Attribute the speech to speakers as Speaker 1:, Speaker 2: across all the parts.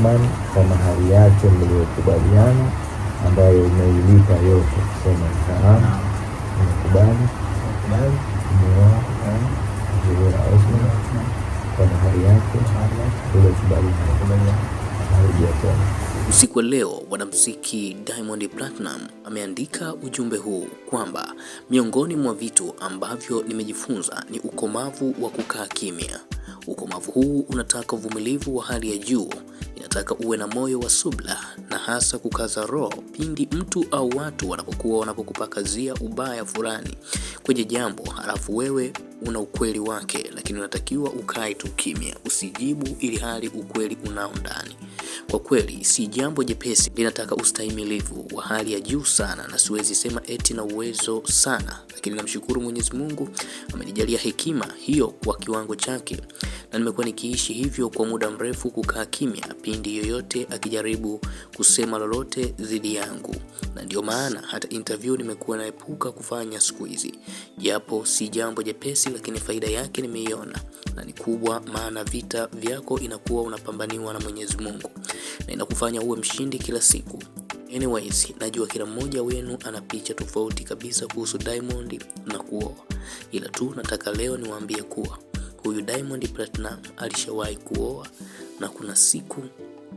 Speaker 1: Othman kwa mahari yake mliyokubaliana ambayo umeilipa yote, kusema salamu umekubali Zuhura Othman kwa mahari yake uliyokubaliana.
Speaker 2: Usiku wa leo mwanamuziki Diamond Platinum ameandika ujumbe huu kwamba miongoni mwa vitu ambavyo nimejifunza ni ukomavu wa kukaa kimya. Ukomavu huu unataka uvumilivu wa hali ya juu Nataka uwe na moyo wa subla na hasa kukaza roho pindi mtu au watu wanapokuwa wanapokupakazia ubaya fulani kwenye jambo, halafu wewe una ukweli wake, lakini unatakiwa ukae tu kimya, usijibu ili hali ukweli unao ndani. Kwa kweli si jambo jepesi, linataka ustahimilivu wa hali ya juu sana, na siwezi sema eti na uwezo sana, lakini namshukuru Mwenyezi Mungu amenijalia hekima hiyo kwa kiwango chake na nimekuwa nikiishi hivyo kwa muda mrefu, kukaa kimya pindi yoyote akijaribu kusema lolote dhidi yangu, na ndio maana hata interview nimekuwa naepuka kufanya siku hizi, japo si jambo jepesi, lakini faida yake nimeiona na ni kubwa, maana vita vyako inakuwa unapambaniwa na Mwenyezi Mungu na inakufanya uwe mshindi kila siku. Anyways, najua kila mmoja wenu ana picha tofauti kabisa kuhusu Diamond na kuoa, ila tu nataka leo niwaambie kuwa Huyu Diamond Platinum alishawahi kuoa na kuna siku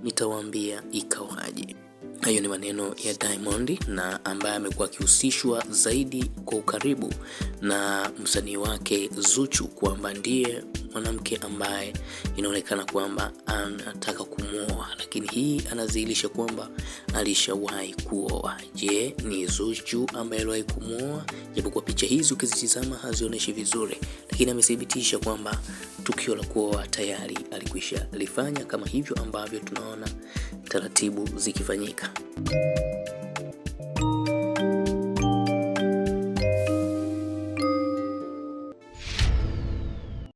Speaker 2: nitawaambia ikawaje. Hayo ni maneno ya Diamond na ambaye amekuwa akihusishwa zaidi kwa ukaribu na msanii wake Zuchu kwamba ndiye mwanamke ambaye inaonekana kwamba anataka kumwoa, lakini hii anazihilisha kwamba alishawahi kuoa. Je, ni Zuchu ambaye aliwahi kumwoa? Japokuwa picha hizi ukizitizama hazionyeshi vizuri, lakini amethibitisha kwamba tukio la kuoa tayari alikwisha lifanya, kama hivyo ambavyo tunaona taratibu zikifanyika.